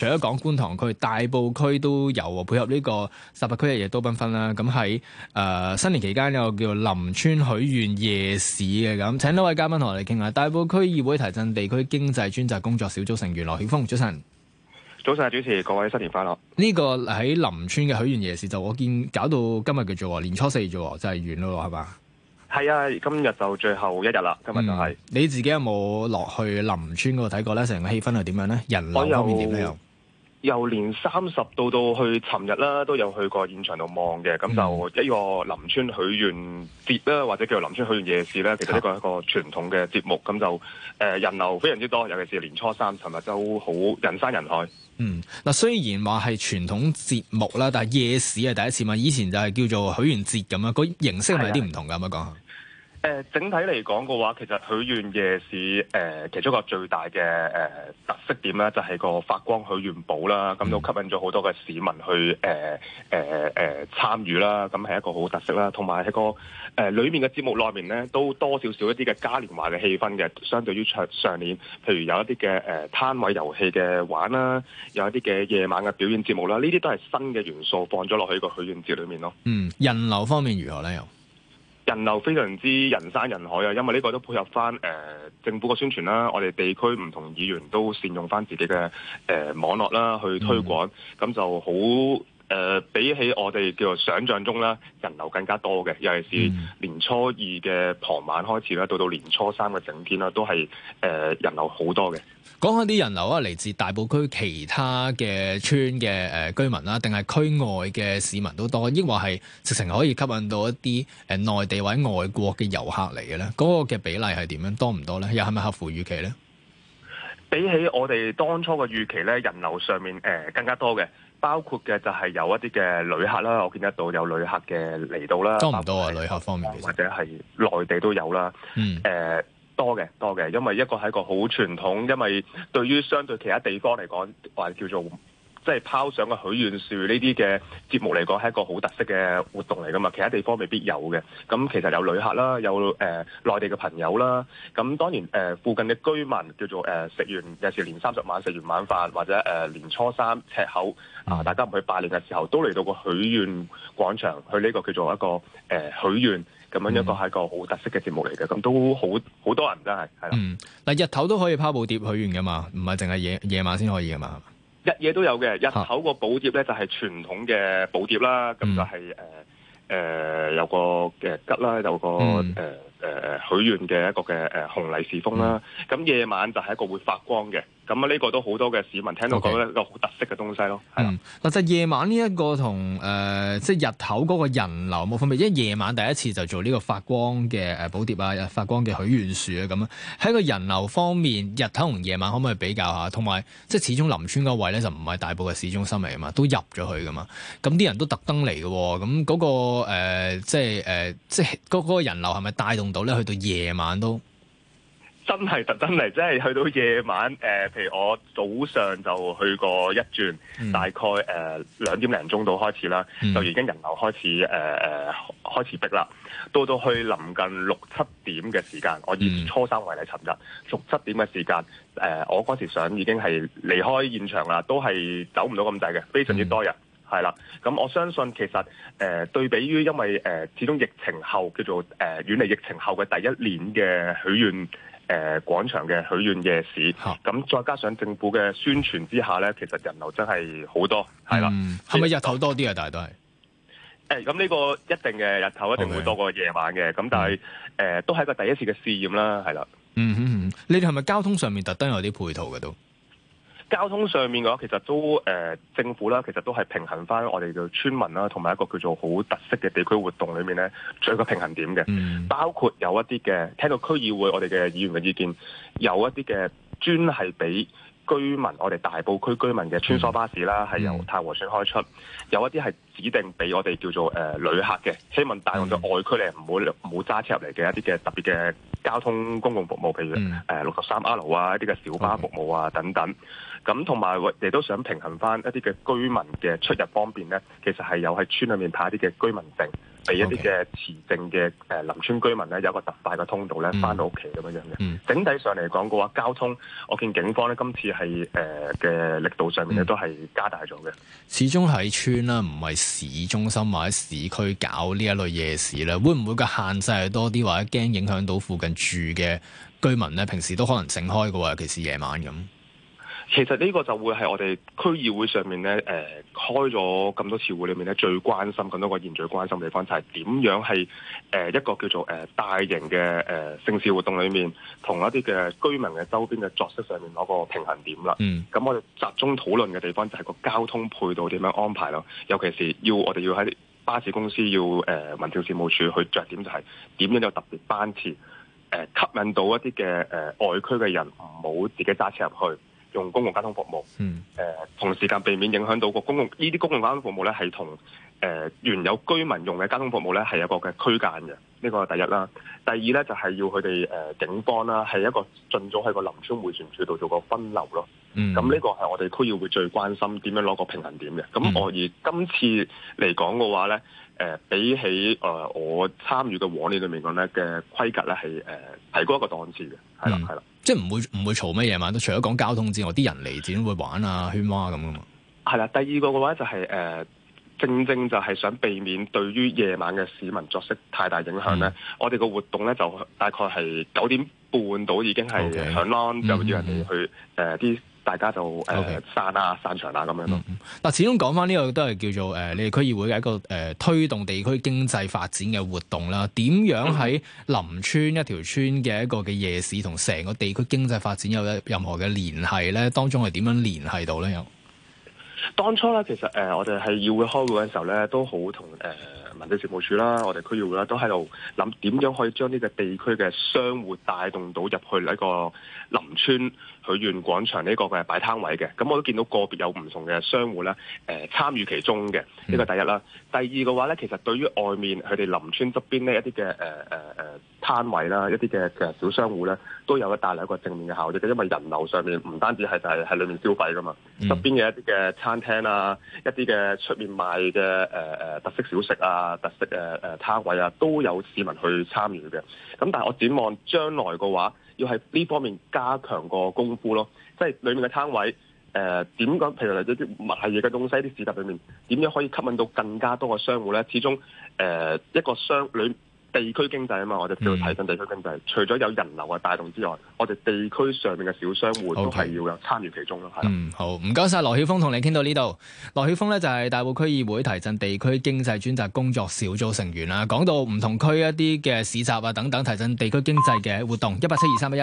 除咗講觀塘區、大埔區都有，配合呢個十八區日夜都繽紛啦。咁喺誒新年期間有個叫林村許願夜市嘅咁，請多位嘉賓同我哋傾下。大埔區議會提振地區經濟專責工作小組成員羅曉楓，早晨。早晨，主持各位新年快樂。呢、這個喺林村嘅許願夜市就我見搞到今日嘅啫年初四啫喎就係、是、完咯喎，係嘛？係、嗯、啊，今日就最後一日啦。今日就係、是嗯、你自己有冇落去林村嗰度睇過咧？成個氣氛係點樣咧？人流方面點咧？由年三十到到去尋日啦，都有去過現場度望嘅，咁就一個林村許願節啦，或者叫做林村許願夜市咧，其實呢個係一個傳統嘅節目，咁就誒、呃、人流非常之多，尤其是年初三尋日都好人山人海。嗯，嗱雖然話係傳統節目啦，但係夜市係第一次嘛，以前就係叫做許願節咁樣、個形式係咪有啲唔同㗎？可唔可以講下？誒，整體嚟講嘅話，其實許願夜市誒、呃，其中一個最大嘅誒、呃、特色點咧，就係個發光許願寶啦，咁都吸引咗好多嘅市民去誒誒誒參與啦，咁、呃、係、呃、一個好特色啦。同埋喺個誒、呃、裏面嘅節目內面咧，都多少少一啲嘅嘉年華嘅氣氛嘅，相對於上上年，譬如有一啲嘅誒攤位遊戲嘅玩啦，有一啲嘅夜晚嘅表演節目啦，呢啲都係新嘅元素放咗落去個許願節裏面咯。嗯，人流方面如何咧又？人流非常之人山人海啊，因為呢個都配合翻誒、呃、政府嘅宣傳啦，我哋地區唔同議員都善用翻自己嘅誒、呃、網絡啦去推廣，咁、嗯、就好。誒、呃，比起我哋叫做想像中啦，人流更加多嘅，尤其是年初二嘅傍晚開始啦，到到年初三嘅整天啦，都係誒、呃、人流好多嘅。講下啲人流啊，嚟自大埔區其他嘅村嘅誒、呃、居民啦，定係區外嘅市民都多，抑或係直情可以吸引到一啲誒內地或者外國嘅遊客嚟嘅咧？嗰、那個嘅比例係點樣？多唔多咧？又係咪合乎預期咧？比起我哋當初嘅預期咧，人流上面誒、呃、更加多嘅。包括嘅就係有一啲嘅旅客啦，我見得到有旅客嘅嚟到啦，多唔多啊？旅客方面，或者係內地都有啦，誒、嗯呃、多嘅多嘅，因為一個係一個好傳統，因為對於相對其他地方嚟講，話叫做。即係拋上個許願樹呢啲嘅節目嚟講，係一個好特色嘅活動嚟噶嘛，其他地方未必有嘅。咁其實有旅客啦，有誒、內、呃、地嘅朋友啦。咁當然誒、呃、附近嘅居民叫做誒食、呃、完有時年三十晚食完晚飯，或者誒、呃、年初三赤口啊、嗯呃，大家唔去拜年嘅時候，都嚟到個許願廣場去呢個叫做一個誒許願咁樣一個係一個好特色嘅節目嚟嘅。咁都好好多人真係係啦。嗯，嗱日頭都可以拋寶牒許願噶嘛，唔係淨係夜夜晚先可以噶嘛。日夜都有嘅，日頭個寶牒咧就係傳統嘅寶牒啦，咁、嗯、就係誒誒有個嘅吉啦，有個誒誒、嗯呃、許願嘅一個嘅誒紅利是封啦，咁、嗯、夜晚就係一個會發光嘅。咁啊，呢個都好多嘅市民聽到覺得一個好特色嘅東西咯、okay。嗯，嗱就夜晚呢一個同即係日頭嗰個人流冇分別？因為夜晚第一次就做呢個發光嘅誒寶牒啊，發光嘅許願樹啊咁啊，喺個人流方面，日頭同夜晚可唔可以比較下？同埋即係始終林村嗰位咧，就唔係大埔嘅市中心嚟嘛，都入咗去噶嘛。咁啲人都特登嚟嘅，咁嗰、那個即係即係嗰個人流係咪帶動到咧？去到夜晚都。真係，特登嚟，真係去到夜晚。誒、呃，譬如我早上就去過一轉、嗯，大概誒、呃、兩點零鐘到開始啦、嗯，就已經人流開始誒誒、呃、開始逼啦。到到去臨近六七點嘅時間，嗯、我以初三為例，尋日六七點嘅時間，誒、呃，我嗰時想已經係離開現場啦，都係走唔到咁滯嘅，非常之多人係啦。咁、嗯、我相信其實誒、呃、對比於因為誒、呃、始終疫情後叫做誒、呃、遠離疫情後嘅第一年嘅許願誒，廣場嘅許願夜市，咁再加上政府嘅宣傳之下咧，其實人流真係好多，係啦。係、嗯、咪日頭多啲啊？大都係？誒、欸，咁呢個一定嘅日頭一定會多過夜晚嘅，咁、okay. 但係誒、嗯、都係一個第一次嘅試驗啦，係啦。嗯嗯嗯，你哋係咪交通上面特登有啲配套嘅都？交通上面嘅話，其實都、呃、政府啦，其實都係平衡返我哋嘅村民啦，同埋一個叫做好特色嘅地區活動裏面咧，做一個平衡點嘅、嗯，包括有一啲嘅聽到區議會我哋嘅議員嘅意見，有一啲嘅專係俾居民，我哋大埔區居民嘅穿梭巴士啦，係、嗯、由太和村開出，有一啲係指定俾我哋叫做誒、呃、旅客嘅，希望大眾嘅外區嚟唔好唔好揸車入嚟嘅一啲嘅特別嘅交通公共服務，譬如誒六十三 R 啊，嗯呃、63R，一啲嘅小巴服務啊、嗯、等等。咁同埋我哋都想平衡翻一啲嘅居民嘅出入方便咧，其實係有喺村裏面派一啲嘅居民證。畀一啲嘅持證嘅誒，林村居民咧有一個特快嘅通道咧，翻到屋企咁樣樣嘅。整體上嚟講嘅話，交通我見警方咧今次係誒嘅力度上面咧都係加大咗嘅，嗯。始終喺村啦，唔係市中心或者市區搞呢一類夜市咧，會唔會個限制係多啲，或者驚影響到附近住嘅居民咧？平時都可能整開嘅喎尤其是夜晚咁。其實呢個就會係我哋區議會上面咧，誒開咗咁多次會裏面咧，最關心、咁多個人最關心嘅地方就係點樣係誒一個叫做誒大型嘅誒盛事活動裏面，同一啲嘅居民嘅周邊嘅作息上面攞個平衡點啦。咁、嗯、我哋集中討論嘅地方就係個交通配套點樣安排咯。尤其是要我哋要喺巴士公司要誒、呃、民調事務處去著點，就係點樣有特別班次誒、呃、吸引到一啲嘅、呃、外區嘅人，唔好自己揸車入去。用公共交通服務嗯，誒、呃，同時間避免影響到個公共呢啲公共交通服務咧，係同誒原有居民用嘅交通服務咧，係有個嘅區間嘅。呢個係第一啦，第二咧就係要佢哋誒警方啦，係一個盡早喺個林村迴旋處度做個分流咯。嗯，咁呢個係我哋區議會最關心點樣攞個平衡點嘅。咁、嗯、我而今次嚟講嘅話咧，誒、呃、比起誒、呃、我參與嘅往年裡面講咧嘅規格咧係誒提高一個檔次嘅，係啦，係啦。即係唔會唔會嘈咩嘢嘛？都除咗講交通之外，啲人嚟自然會玩啊、圈孖咁啊嘛。係啦，第二個嘅話就係、是、誒。呃正正就係想避免對於夜晚嘅市民作息太大影響咧、嗯，我哋個活動咧就大概係九點半到已經係 last round，就叫人哋去誒啲大家就誒散、呃嗯、啊、散場啊咁樣咯。嗱、嗯，嗯、但始終講翻呢個都係叫做誒、呃、你哋區議會嘅一個誒、呃、推動地區經濟發展嘅活動啦。點樣喺林村、嗯、一條村嘅一個嘅夜市同成個地區經濟發展有任任何嘅聯繫咧？當中係點樣聯繫到咧？又？當初咧，其實誒、呃，我哋係議會開會嘅時候咧，都好同誒。呃民政事務處啦，我哋區議會啦，都喺度諗點樣可以將呢個地區嘅商戶帶動到入去呢個林村許願廣場呢個嘅擺攤位嘅。咁我都見到個別有唔同嘅商戶咧，誒參與其中嘅，呢個第一啦，嗯。第二嘅話咧，其實對於外面佢哋林村側邊呢一啲嘅誒誒誒攤位啦，一啲嘅嘅小商戶咧，都有帶嚟一個正面嘅效益嘅，因為人流上面唔單止係係喺裏面消費噶嘛，側邊嘅一啲嘅餐廳啊，一啲嘅出面賣嘅誒誒特色小食啊。啊特色誒誒、呃、攤位啊，都有市民去參與嘅。咁但係我展望將來嘅話，要喺呢方面加強個功夫咯。即係裡面嘅攤位誒，點、呃、講？譬如例如啲賣嘢嘅東西，啲市集裡面點樣可以吸引到更加多嘅商戶咧？始終誒、呃、一個商裏。裡地區經濟啊嘛，我哋叫提振地區經濟。除咗有人流嘅帶動之外，我哋地區上面嘅小商戶都係要有參與其中咯，okay，係，嗯，好，唔該晒，羅曉楓同你傾到呢度。羅曉楓咧就係大埔區議會提振地區經濟專責工作小組成員啦。講到唔同區一啲嘅市集啊等等，提振地區經濟嘅活動，一八七二三一一。